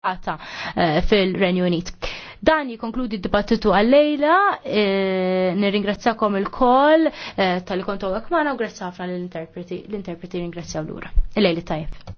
għata eh, fil-Renju Unit. Dan jikonkludi d-dibattitu għallejla, eh, nirringrazzakom il-kol eh, tal-kontu għakmana u grazzafna l-interpreti, l-interpreti ringrazzjaw l-ura. Il-lejli tajb.